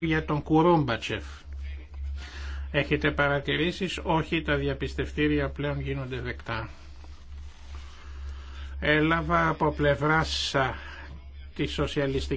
για τον Κουρούμπατσεφ. Έχετε παρατηρήσεις, όχι τα διαπιστευτήρια πλέον γίνονται δεκτά. Έλαβα από πλευράς τη σοσιαλιστική.